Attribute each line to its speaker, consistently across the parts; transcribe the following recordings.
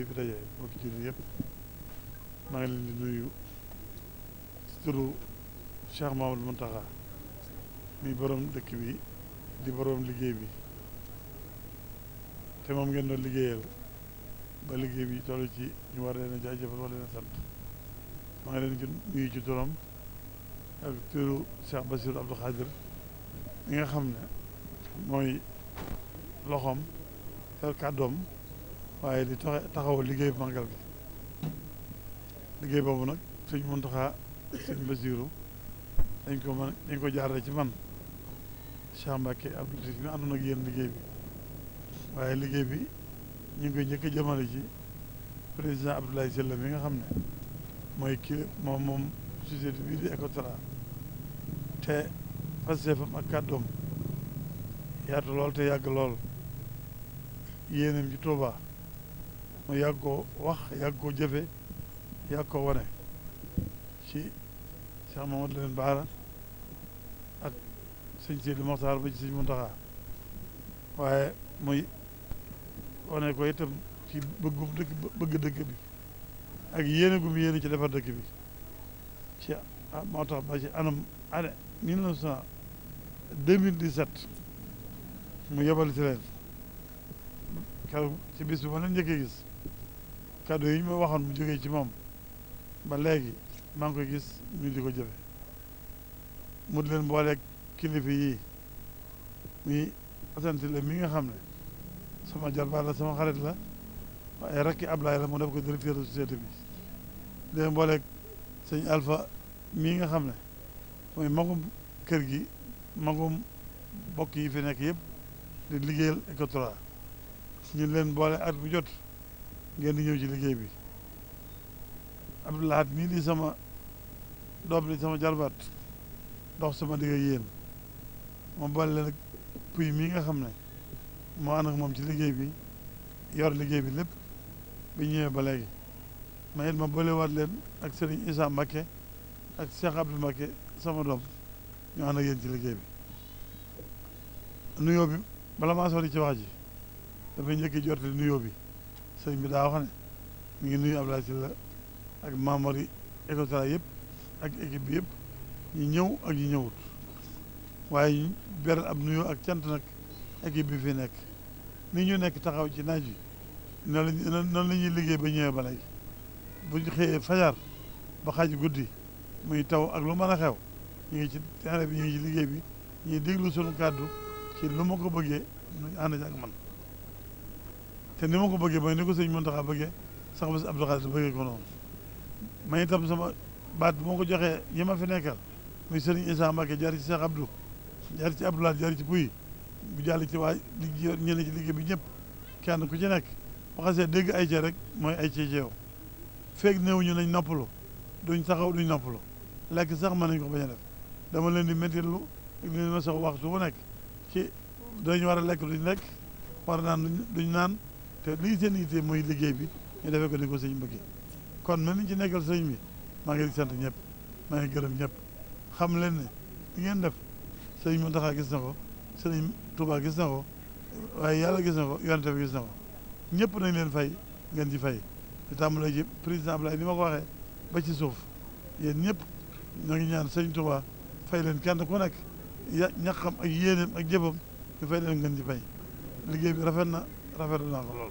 Speaker 1: bii fi daje bokki jullit maa ngi leen di nuyu ci turu Cheikh Mamadou Mountakha mi borom dëkk bi di boroom liggéey bi te moom ngeen doon liggéeyal ba liggéey bi toll ci ñu war leen a jaajëfal wala leen a sant maa ngi leen di nuyu ci turam ak turu Cheikh Bassirou Abdou Khadir mi nga xam ne mooy loxoom yor kàddoom waaye di taxaw liggéey màggal gi boobu nag sëñ Muntaxa sëñ Basiiru dañ ko mën dañ ko jaarale ci man Cheikh Mbacke Abdou Latif mi àndoon ak yéen liggéey bi waaye liggéey bi ñu ngi koy njëkk a ji président Abdoulaye Sylla bi nga xam ne mooy kii moom moom société bii di Ecotra te pasefam ak kàddoom yaatu lool te yàgg lool yéenam ci Touba mu yàgg koo wax yàgg koo jëfe yàgg koo wane ci Cheikh Mamadou Lamine Bara ak sëñ Sidi Moxtaar ba ci sëñ Muntaxa waaye muy wane ko itam ci bëggum dëkk bëgg dëkk bi ak yéene gum yéene ci defar dëkk bi ci ah, moo tax ba ci anam année mille neuf cent deux mille dix-sept mu yebal ci leen keroog ci bis bi ma leen njëkkee gis kàddu yi moo ma waxoon mu jógee ci moom ba léegi maa ngi koy gis ñu di ko jëfe mu di leen booleeg kilifa yii muy asante la mi nga xam ne sama jarbaat la sama xarit la waaye rakki Ablaye la moo def ko directeur de société bi di leen booleeg sëñ Alpha nga xam ne mooy magum kër gi magum bokk yi fi nekk yëpp di liggéeyal Ecotra ñu leen boole at bu jot ngeen di ñëw ci liggéey bi Abdoulahat mii di sama doom di sama jarbaat dox sama digg ak yéen ma boole leen puy mii nga xam ne moo ànd ak moom ci liggéey bi yor liggéey bi lépp bi ñëwee ba léegi ma it ma boolewaat leen ak Serigne Issa Mbacké ak Cheikh Abdou Mbacké sama doom ñu ànd ak yéen ci liggéey bi nuyoo bi bala maa sori ci wax ji dafay njëkk a jottali nuyoo bi sëñ bi daa wax ne mi ngi nuyu Abdoulaye Sylla ak membre yi ECOTRA yëpp ak équipe bi yëpp ñu ñëw ak ñu ñëwut waaye beral ab nuyoo ak cant nag équipe bi fi nekk ni ñu nekk taxaw ci naaj yi noonu la noonu la ñuy liggéey ba ñëwee ba léegi bu ñu xëyee fajar ba xaaj muy taw ak lu mën a xew ñu ngi ci terrain bi ñu liggéey bi ñuy diglu sunu kàddu ci lu ma ko bëggee ñu ànd ak man te ni ma ko bëggee mooy ni ko sëñ Mountakha bëggee sax bas Abdou Khadre bëggee ko noonu man itam sama baat bu ma ko joxee yi ma fi nekkal muy sëriñ Issa Mbacké jaar ci Cheikh Abdou jaar ci Abdoulaye jaar ci Pouy bu jàll ci waa liggéey ñeneen ci liggéey bi ñëpp kenn ku ci nekk bu xasee dégg ay cee rek mooy ay cee jeew feeg néew ñu nañ noppalu duñ taxaw duñ noppalu lekk sax ma nañ ko bañ a def dama leen di méttilu ak leen ma sax waxtu bu nekk ci dañu war a lekk duñ lekk war naan duñ naan te lii seen yitte muy liggéey bi ñu defee ko ni ko sëñ bëggee kon même ci nekkal sëñ bi maa ngi sant ñëpp maa ngi gërëm ñëpp xam leen ne ngeen def sëñ Mountakha gis na ko sëñ Touba gis na ko waaye yàlla gis na ko yonent bi gis ñëpp nañ leen fay ngeen ci fay di tàmbalee ji président Abdoulaye ni ma ko waxee ba ci suuf yéen ñëpp ñoo ngi ñaan sëñ Touba fay leen kenn ku nekk ya ñaxam ak yéeneem ak jëfam ñu fay leen ngeen ci fay liggéey bi rafet na. rafetlu naa ko lool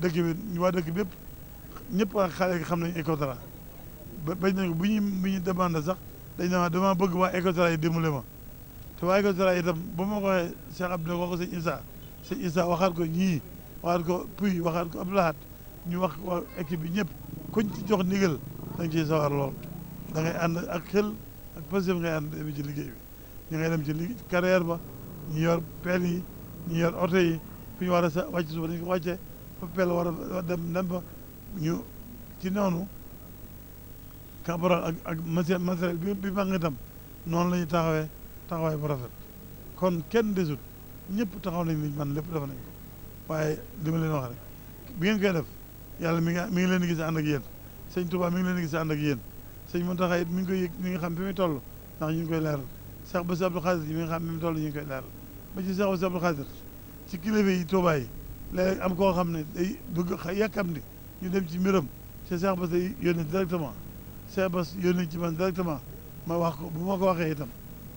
Speaker 1: dëkk bi ñu waa dëkk bépp ñëpp waa xale yi xam nañ Ecotra ba bañ nañ ko bu ñu bu sax dañ ne dama bëgg waa Ecotra yi dimbale ma te waa Ecotra itam ba ma ko waxee Cheikh Abdou wax ko sëñ Issa sëñ Issa waxaat ko ñii waxaat ko Puy waxaat ko ñu ci jox ndigal da nga sawar lool da ngay ànd ak xel ak positif ngay ànd dem ci liggéey bi ñu ngay dem ci liggéey carrière ba ñu yor peel yi ñu yor oto yi fi ñu war a sa wàcc suuf dañu ko wàcce fa peel war dem dem fa ñu ci noonu kabaral ak ak matériel bi bi mag itam noonu la ñu taxawee taxawaay bu rafet kon kenn desut ñëpp taxaw nañ liñ man lépp def nañ ko waaye li leen wax rek bi ngeen koy def yàlla mi nga mi ngi leen di gis ànd ak yéen sëñ Touba mi ngi leen di gis ànd ak yéen sëñ Mountakha it mi ngi koy yëg mi ngi xam fi muy toll ndax ñu ngi koy leeral Cheikh Bass Abdou Khadir mi nga xam fi muy toll ñu ngi koy leeral ba ci Cheikh Bass ci kilifa yi Tuubaa la am koo xam ne day xa bëgg yàkkamti ñu dem ci mbiram ci Cheikh Bass day yónnee directement Cheikh Bass yónnee ci man directement ma wax ko bu ma ko waxee itam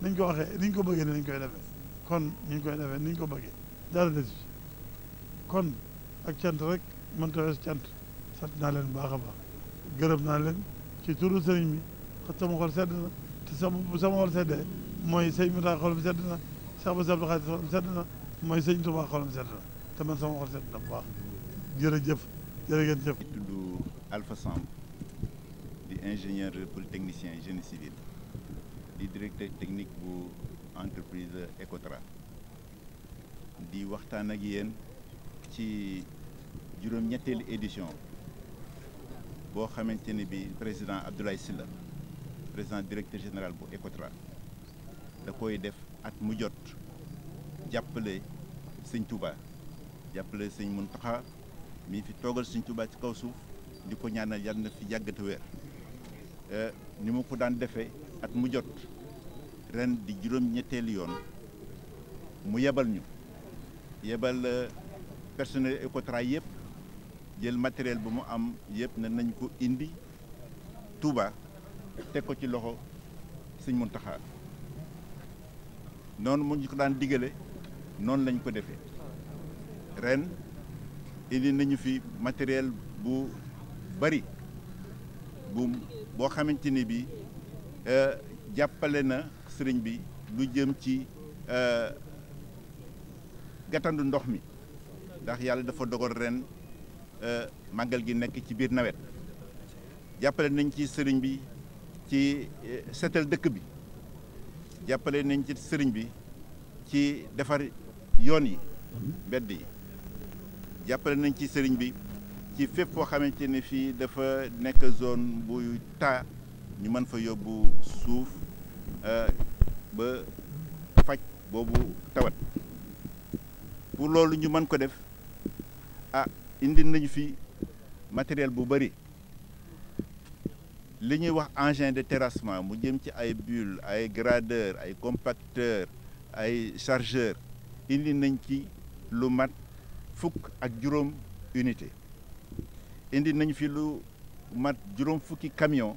Speaker 1: niñ ko waxee niñ ko bëggee ne koy defee kon ñu koy defee niñ ko bëggee dara desu kon ak cant rek mën tawees cant sant naa leen baax a ba gërëm naa leen ci turu sëriñ bi sama xol sedd na te sama sama xol seddee mooy sëñ bi daal sedd na Cheikh Bass Abdou sedd na mooy sëñ Tuubaa xolam sedd na te man sama xol sedd na bu baax jërëjëf jërë ngeen jëf. di tudd
Speaker 2: Alpha Samb di ingénieur polytechnicien génie civil di directeur technique bu entreprise Ecotra di waxtaan ak yéen ci juróom-ñetteelu édition boo xamante ni bi président Abdoulaye Sylla président directeur général bu Ecotra da koy def at mu jot. jàppale sëñ Touba jàppale sëñ Mountakha mi fi toogal sëñ Touba ci kaw suuf di ko ñaanal yàlla na fi yàggate weer eh, ni ma ko daan defee at mu jot ren di juróom-ñetteelu yoon mu yebal ñu yebal eh, personnel Ecotra yëpp jël matériel bu mu am yëpp ne nañ ko indi Touba teg ko ci loxo sëñ Mountakha noonu mu ñu ko daan digale noonu lañ ko defee ren indi nañu fi matériel bu bari bu boo xamante ni bi euh, jàppale na sëriñ bi lu jëm ci euh, gàttandu ndox mi ndax yàlla dafa dogal ren euh, màggal gi nekk ci biir nawet jàppale nañ ci sëriñ bi ci setal dëkk bi jàppale nañ ci sëriñ bi ci defar yoon yi mbedd yi jàppale nañ ci sëriñ bi ci fépp foo xamante ni fii dafa nekk zone buy taa ñu mën fa yóbbu suuf euh, ba faj boobu tawat pour loolu ñu mën ko def ah indi nañu fi matériel bu bëri li ñuy wax engin de terrassement mu jëm ci ay bulle ay gradeur ay compacteur ay chargeur indi nañ ci lu mat fukk ak juróom unité indi nañ fi lu mat juróom fukki camion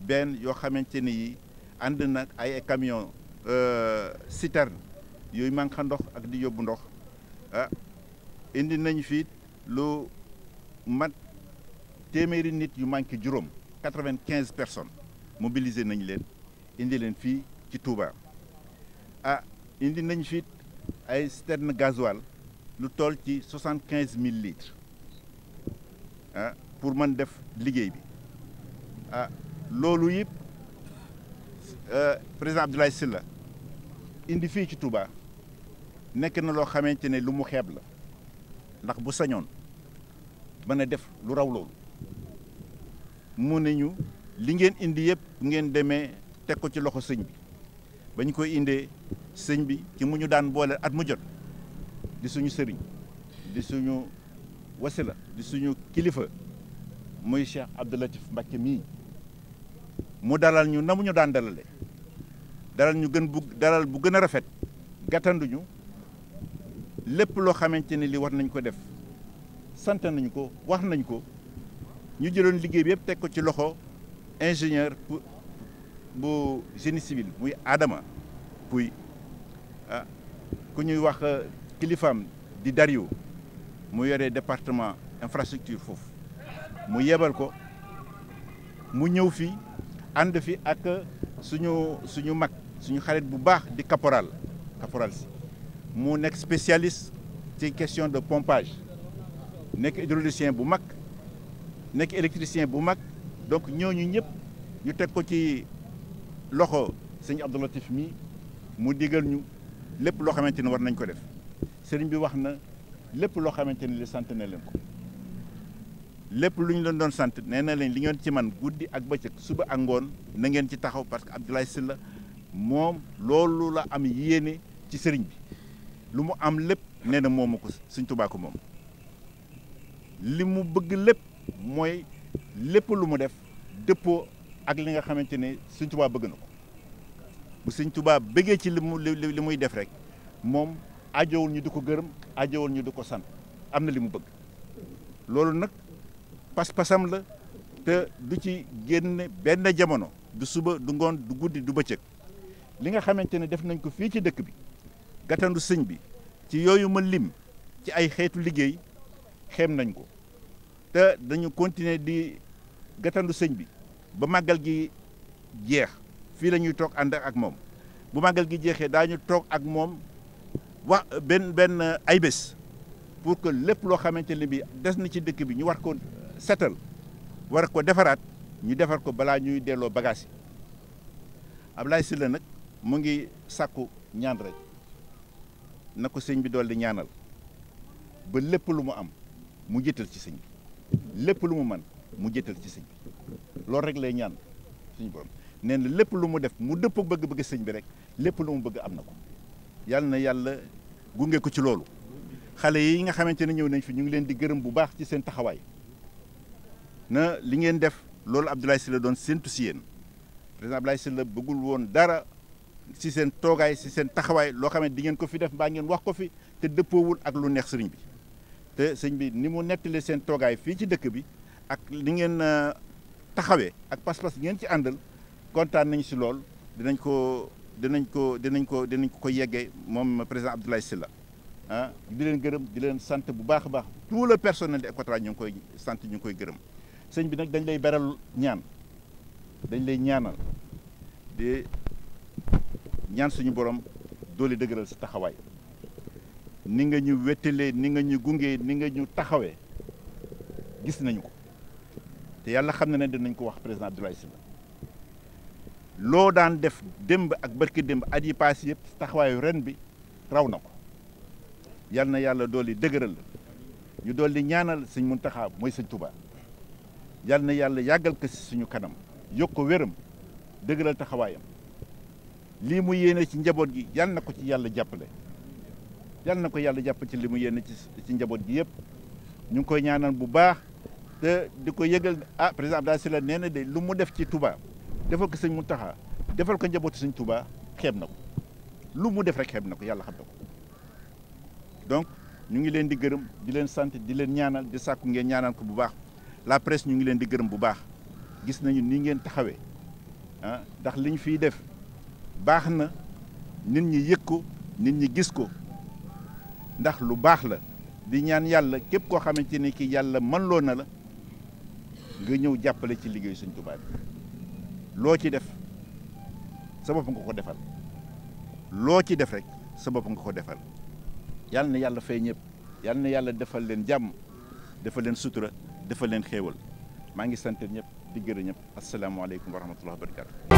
Speaker 2: benn yoo xamante ni yi ànd na ay camion euh, citerne yooyu manque ndox ak di yóbbu ndox a ah, indi nañ fi lu mat téeméeri nit yu manque juróom quatre-vingt-quinze personnes mobilisé nañ leen indi leen fii ci Touba ah indi nañ fi ay citerne gasoil lu tool ci soixante quinze mille ah, pour man def liggéey bi ah loolu yëpp euh, président Abdoulaye Sylla indi fii ci Touba nekk na loo xamante ne lu mu xeeb la ndax bu sañoon mën a def lu raw loolu mu ne ñu li ngeen indi yëpp ngeen demee teg ko ci loxo sëñ bi. ba ñu koy indee sëñ bi ci mu ñu daan boole at mu jot di suñu sëriñ di suñu wasila di suñu kilifa muy Cheikh Abdou Latif Mbacké mii mu dalal ñu na mu ñu daan dalale dalal ñu gën bu dalal bu gën a rafet gàttanduñu lépp loo xamante ne li war nañ ko def sant nañ ko wax nañ ko ñu jëloon liggéey bi yëpp teg ko ci loxo ingénieur bu génie civil muy aadama Pouy ah, ku ñuy wax euh, kilifaam di dariyo mu yore département infrastructure foofu mu yebal ko mu ñëw fii ànd fi ak euh, suñu suñu mag suñu xarit bu baax di caporal caporal si mu nekk spécialiste ci question de pompage nekk hydraulicien bu mag nekk électricien bu mag donc ñooñu ñëpp ñu teg ko ci loxo sëñ Abdou Latif mi mu digal ñu lépp loo xamante ni war nañ ko def sëriñ bi wax na lépp loo xamante ni li sant na leen ko lépp lu ñu leen doon sant nee na leen li ngeen ci man guddi ak bëccëg suba ak ngoon na ngeen ci taxaw parce que Abdoulaye Sylla moom loolu la am yéene ci sëriñ bi lu mu am lépp nee na moomu ko sëñ Tuubaa ko moom li mu bëgg lépp mooy lépp lu mu def dëppoo ak li nga xamante ne Sëñ tubaa bëgg na ko bu Sëñ Tuubaa bëggee ci li mu li muy def rek moom ajowul ñu di ko gërëm ajowul ñu di ko sant am na li mu bëgg loolu nag pas-pasam la te du ci génn benn jamono du suba du ngoon du guddi du bëccëg li nga xamante ne def nañ ko fii ci dëkk bi gàttandu sëñ bi ci yooyu ma lim ci ay xeetu liggéey xeem nañ ko te dañu continuer di gàttandu sëñ bi ba màggal gi jeex fii lañuy toog ànd ak moom bu màggal gi jeexee daañu toog ak moom wax benn benn ay bés pour que lépp loo xamante ne bi des na ci dëkk bi ñu war ko setal war ko defaraat ñu defar ko balaa ñuy delloo bagage yi Ablaye Sylla nag mu ngi sàkku ñaan rek na ko sëñ bi dool di ñaanal ba lépp lu mu am mu jëtal ci sëñ bi lépp lu mu man mu jëtal ci sëñ loolu rek lay ñaan suñu borom nee na lépp lu mu def mu dëpp bëgg-bëgg sëñ bi rek lépp lu mu bëgg am na ko yàlla na yàlla gunge ko ci loolu xale yi nga xamante ne ñëw nañ fi ñu ngi leen di gërëm bu baax ci seen taxawaay na li ngeen def loolu Abdoulaye la doon séntu si yéen président Abdoulaye la bëggul woon dara si seen toogaay si seen taxawaay loo xam ne di ngeen ko fi def mbaa ngeen wax ko fi te dëppoowul ak lu neex sëriñ bi te sëñ bi ni mu nettali seen toogaay fii ci dëkk bi taxawee ak pas-pas ngeen ci àndal kontaan nañu si lool dinañ ko dinañ ko dinañ ko dinañ ko yeggee moom président Abdoulaye Sylla ah di leen gërëm di leen sant bu baax a baax tout le personnel de Ecotra ñu ngi koy sant ñu ngi koy gërëm sëñ bi nag dañ lay beral ñaan dañ lay ñaanal di ñaan suñu borom doole dëgëral si taxawaay ni nga ñu wéttalee ni nga ñu gungee ni nga ñu taxawee gis nañu ko te yàlla xam na ne dinañ ko wax président Abdoulaye Sylla loo daan def démb ak barki démb at yi paas taxawaayu ren bi raw na ko yal na yàlla dool dooli dëgëral ñu dool dooli ñaanal sëñ Muntaxa mooy sëñ Tuubaa yal na yàlla yàggal ko si suñu kanam yokk ko wéram dëgëral taxawaayam lii mu yéene ci njaboot gi yal na ko ci yàlla jàppale yal na ko yàlla jàpp ci li mu yéene ci njaboot gi yëpp ñu koy ñaanal bu baax te di ko yëgal ah président Abdoulaye Sylla nee na de lu mu def ci Touba defal ko mu taxa defal ko njabootu sëñ Touba xeeb na ko lu mu def rek xeeb na ko yàlla xam na ko donc ñu ngi leen di gërëm di leen sant di leen ñaanal di sàkk ngeen ñaanal ko bu baax la presse ñu ngi leen di gërëm bu baax gis nañu ni ngeen taxawee ah, ndax li ñu fi def baax na nit ñi yëg ko nit ñi gis ko ndax lu baax la di ñaan yàlla képp koo xamante ni ki yàlla man loo na la nga ñëw jàppale ci liggéey Sëñ Tuubaa bi loo ci def sa bopp nga ko defal loo ci def rek sa bopp nga ko defal yàlla na yàlla fay ñëpp yàlla na yàlla defal leen jàmm defal leen sutura defal leen xéewal maa ngi sant ñëpp di gërëm ñëpp asalaamaaleykum wa rahmatullahi wa barakatu